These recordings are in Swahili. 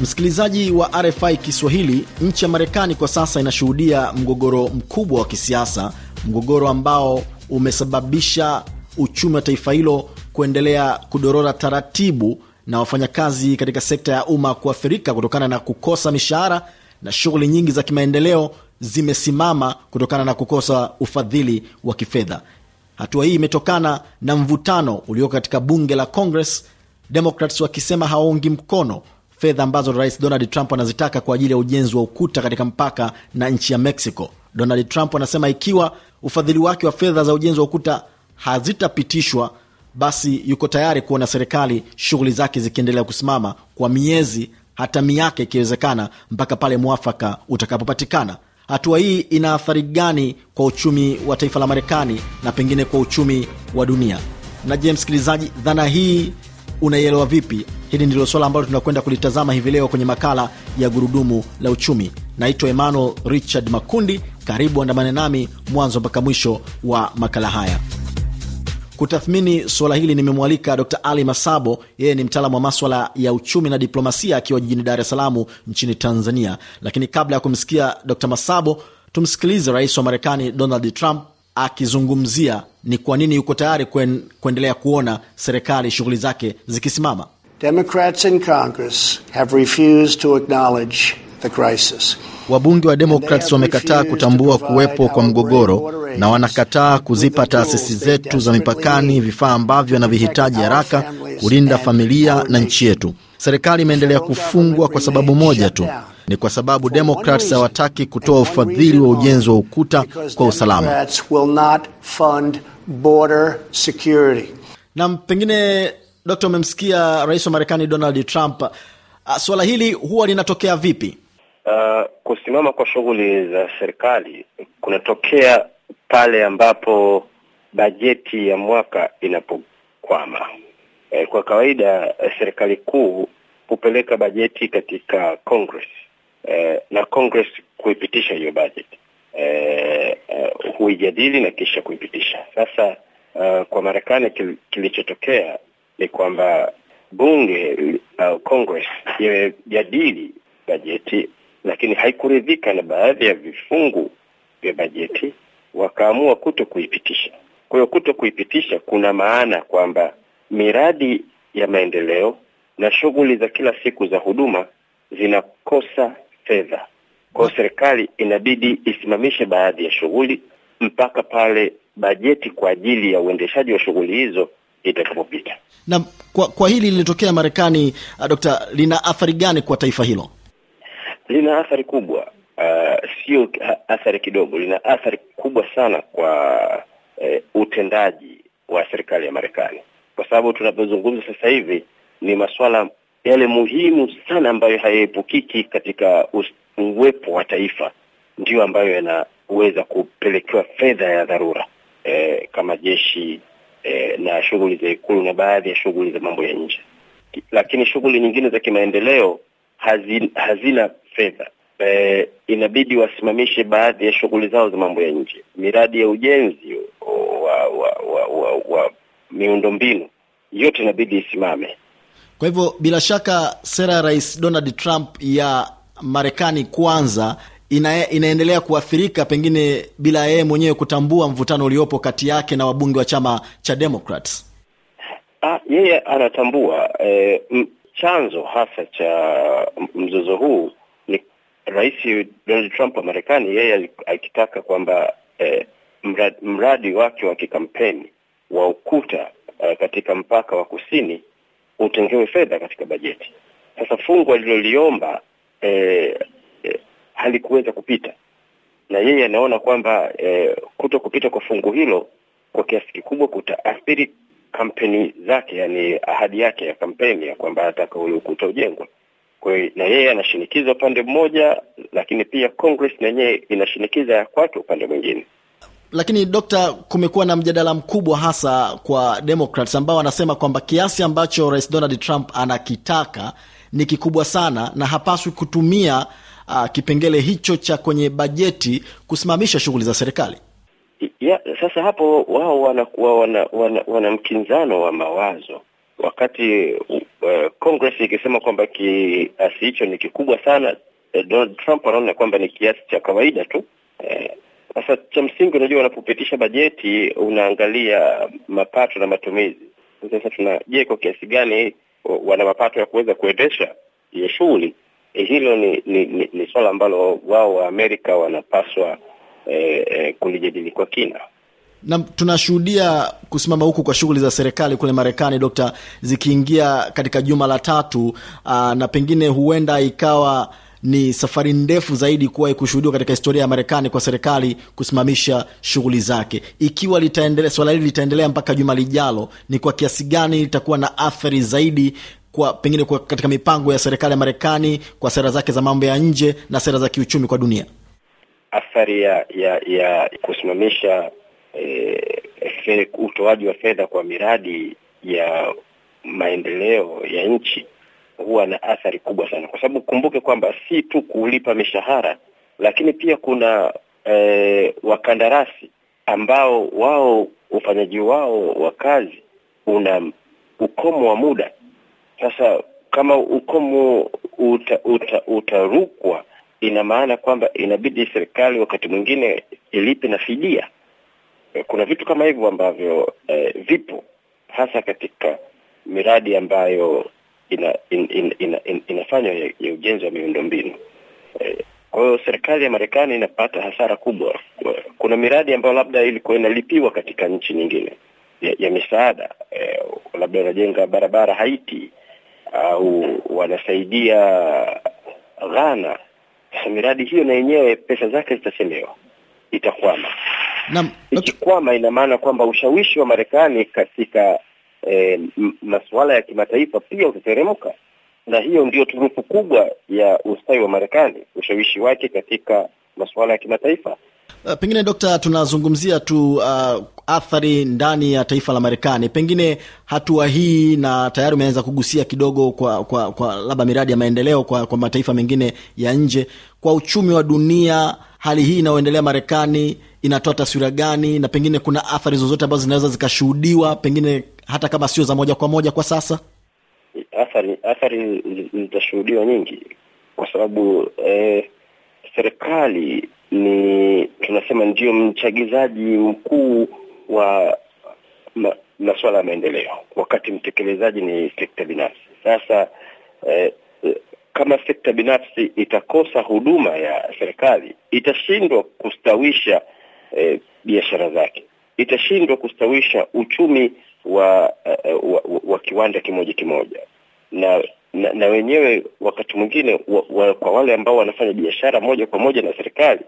Msikilizaji wa RFI Kiswahili, nchi ya Marekani kwa sasa inashuhudia mgogoro mkubwa wa kisiasa, mgogoro ambao umesababisha uchumi wa taifa hilo kuendelea kudorora taratibu na wafanyakazi katika sekta ya umma kuathirika kutokana na kukosa mishahara na shughuli nyingi za kimaendeleo zimesimama kutokana na kukosa ufadhili wa kifedha. Hatua hii imetokana na mvutano ulioko katika bunge la Congress, Democrats wakisema hawaungi mkono fedha ambazo Rais Donald Trump anazitaka kwa ajili ya ujenzi wa ukuta katika mpaka na nchi ya Mexico. Donald Trump anasema ikiwa ufadhili wake wa fedha za ujenzi wa ukuta hazitapitishwa, basi yuko tayari kuona serikali shughuli zake zikiendelea kusimama kwa miezi hata miaka ikiwezekana, mpaka pale mwafaka utakapopatikana. Hatua hii ina athari gani kwa uchumi wa taifa la Marekani na pengine kwa uchumi wa dunia? Na je, msikilizaji, dhana hii unaielewa vipi? Hili ndilo swala ambalo tunakwenda kulitazama hivi leo kwenye makala ya Gurudumu la Uchumi. Naitwa Emmanuel Richard Makundi. Karibu andamane nami mwanzo mpaka mwisho wa makala haya. Kutathmini suala hili nimemwalika Dr Ali Masabo. Yeye ni mtaalamu wa maswala ya uchumi na diplomasia akiwa jijini Dar es Salaam nchini Tanzania. Lakini kabla ya kumsikia d Masabo, tumsikilize rais wa Marekani Donald Trump akizungumzia ni kwa nini yuko tayari kwen, kuendelea kuona serikali shughuli zake zikisimama. Democrats in Congress have refused to acknowledge the crisis. Wabunge wa Democrats wamekataa kutambua kuwepo kwa mgogoro na wanakataa kuzipa taasisi zetu za mipakani vifaa ambavyo wanavihitaji haraka kulinda familia na nchi yetu. Serikali imeendelea kufungwa kwa sababu moja tu, ni kwa sababu Democrats hawataki kutoa ufadhili wa ujenzi wa ukuta kwa usalama nam. Pengine Dokta, umemsikia rais wa Marekani Donald Trump. Ah, suala hili huwa linatokea vipi? Uh, kusimama kwa shughuli za serikali kunatokea pale ambapo bajeti ya mwaka inapokwama. E, kwa kawaida eh, serikali kuu hupeleka bajeti katika Congress na Congress kuipitisha hiyo budget eh, uh, huijadili na kisha kuipitisha. Sasa uh, kwa Marekani kil, kilichotokea ni kwamba bunge au uh, eh, Congress imejadili bajeti lakini haikuridhika na baadhi ya vifungu vya bajeti, wakaamua kuto kuipitisha. Kwa hiyo kuto kuipitisha kuna maana kwamba miradi ya maendeleo na shughuli za kila siku za huduma zinakosa fedha. Kwa hiyo serikali inabidi isimamishe baadhi ya shughuli mpaka pale bajeti kwa ajili ya uendeshaji wa shughuli hizo itakapopita. Na kwa, kwa hili lilitokea Marekani, uh, Dokta, lina athari gani kwa taifa hilo? Lina athari kubwa, uh, sio athari kidogo, lina athari kubwa sana kwa uh, utendaji wa serikali ya Marekani, kwa sababu tunapozungumza sasa hivi ni masuala yale muhimu sana ambayo hayaepukiki katika uwepo wa taifa ndiyo ambayo yanaweza kupelekewa fedha ya dharura e, kama jeshi e, na shughuli za Ikulu na baadhi ya shughuli za mambo ya nje, lakini shughuli nyingine za kimaendeleo hazin, hazina fedha e, inabidi wasimamishe baadhi ya shughuli zao za mambo ya nje, miradi ya ujenzi wa, wa, wa, wa, wa mbinu yote inabidi isimame. Kwa hivyo bila shaka sera ya Rais Donald Trump ya Marekani kwanza ina, inaendelea kuathirika pengine bila yeye mwenyewe kutambua mvutano uliopo kati yake na wabunge wa chama cha Democrats. Ah, yeye anatambua eh, chanzo hasa cha mzozo huu ni Rais Donald Trump wa Marekani, yeye akitaka kwamba eh, mradi, mradi wake wa kikampeni wa ukuta eh, katika mpaka wa kusini utengewe fedha katika bajeti. Sasa fungu aliloliomba e, e, halikuweza kupita, na yeye anaona kwamba e, kuto kupita kwa fungu hilo kwa kiasi kikubwa kutaathiri kampeni zake, yani ahadi yake ya kampeni ya kwamba anataka ule ukuta ujengwe. Kwa hiyo na yeye anashinikiza upande mmoja, lakini pia Congress na yeye inashinikiza ya kwake upande mwingine. Lakini dokta, kumekuwa na mjadala mkubwa hasa kwa Democrats ambao wanasema kwamba kiasi ambacho Rais Donald Trump anakitaka ni kikubwa sana na hapaswi kutumia uh, kipengele hicho cha kwenye bajeti kusimamisha shughuli za serikali. Ya, sasa hapo wao wanakuwa wana, wana, wana mkinzano wa mawazo wakati uh, Congress ikisema kwamba kiasi hicho ni kikubwa sana, eh, Donald Trump anaona kwamba ni kiasi cha kawaida tu eh, sasa cha msingi, unajua, unapopitisha bajeti unaangalia mapato na matumizi. Sasa tuna je, kwa kiasi gani wana mapato ya kuweza kuendesha hiyo shughuli? E, hilo ni ni, ni, ni swala ambalo wao wa Amerika wanapaswa e, e, kulijadili kwa kina na tunashuhudia kusimama huku kwa shughuli za serikali kule Marekani, Dokta, zikiingia katika juma la tatu aa, ah, na pengine huenda ikawa ni safari ndefu zaidi kuwahi kushuhudiwa katika historia ya Marekani kwa serikali kusimamisha shughuli zake. Ikiwa litaendelea, swala hili litaendelea mpaka juma lijalo, ni kwa kiasi gani litakuwa na athari zaidi kwa pengine kwa katika mipango ya serikali ya Marekani kwa sera zake za mambo ya nje na sera za kiuchumi kwa dunia? Athari ya ya, ya kusimamisha eh, utoaji wa fedha kwa miradi ya maendeleo ya nchi huwa na athari kubwa sana, kwa sababu kumbuke kwamba si tu kulipa mishahara, lakini pia kuna e, wakandarasi ambao wao ufanyaji wao wa kazi una ukomo wa muda. Sasa kama ukomo uta, uta, utarukwa, ina maana kwamba inabidi serikali wakati mwingine ilipe na fidia. Eh, kuna vitu kama hivyo ambavyo e, vipo hasa katika miradi ambayo ina, in, in, ina, in, inafanywa ya, ya ujenzi wa mbinu e, kwa hiyo serikali ya Marekani inapata hasara kubwa. Kuna miradi ambayo labda ilikuwa inalipiwa katika nchi nyingine ya, ya misaada e, labda wanajenga barabara Haiti au wanasaidia Ghana. Sasa miradi hiyo na yenyewe pesa zake zitasemewa, itakwama. Naam, ikikwama ina maana kwamba ushawishi wa Marekani katika e, masuala ya kimataifa pia utateremka, na hiyo ndiyo turufu kubwa ya ustawi wa Marekani, ushawishi wake katika masuala ya kimataifa. Eh, pengine Dokta, tunazungumzia tu uh, athari ndani ya taifa la Marekani. Pengine hatua hii, na tayari umeanza kugusia kidogo kwa, kwa, kwa labda miradi ya maendeleo kwa, kwa mataifa mengine ya nje, kwa uchumi wa dunia hali hii inayoendelea Marekani inatoa taswira gani, na pengine kuna athari zozote ambazo zinaweza zikashuhudiwa, pengine hata kama sio za moja kwa moja kwa sasa? Athari athari zitashuhudiwa nyingi, kwa sababu eh, serikali ni tunasema ndio mchagizaji mkuu wa ma, masuala ya maendeleo, wakati mtekelezaji ni sekta binafsi. Sasa eh, kama sekta binafsi itakosa huduma ya serikali, itashindwa kustawisha e, biashara zake, itashindwa kustawisha uchumi wa, wa, eh, wa, wa kiwanda kimoja kimoja na na, na wenyewe wakati mwingine wa, wa, kwa wale ambao wanafanya biashara moja kwa moja na serikali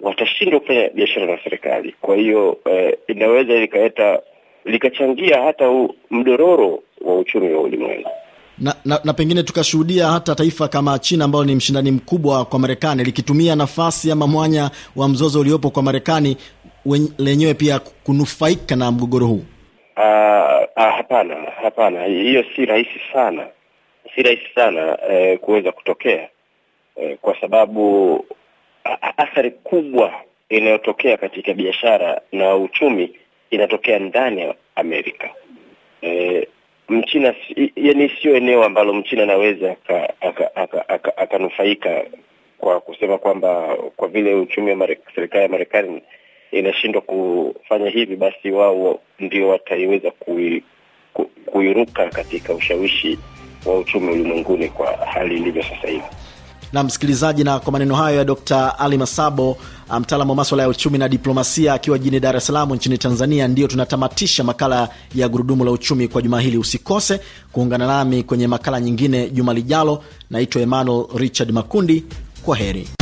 watashindwa kufanya biashara na serikali. Kwa hiyo eh, inaweza likaleta likachangia hata u, mdororo wa uchumi wa ulimwengu na, na, na pengine tukashuhudia hata taifa kama China ambalo ni mshindani mkubwa kwa Marekani likitumia nafasi ama mwanya wa mzozo uliopo kwa Marekani lenyewe pia kunufaika na mgogoro huu? Uh, uh, hapana, hapana, hiyo si rahisi sana, si rahisi sana eh, kuweza kutokea eh, kwa sababu athari kubwa inayotokea katika biashara na uchumi inatokea ndani ya Amerika. Eh, Mchina yani sio eneo ambalo Mchina anaweza akanufaika kwa kusema kwamba kwa vile uchumi wa serikali ya Marekani inashindwa kufanya hivi, basi wao ndio wataiweza kui, kuiruka katika ushawishi wa uchumi ulimwenguni kwa hali ilivyo sasa hivi na msikilizaji, na kwa maneno hayo ya d Ali Masabo, mtaalamu wa maswala ya uchumi na diplomasia, akiwa jijini Dar es Salaam nchini Tanzania, ndiyo tunatamatisha makala ya Gurudumu la Uchumi kwa juma hili. Usikose kuungana nami kwenye makala nyingine juma lijalo. Naitwa Emmanuel Richard Makundi, kwa heri.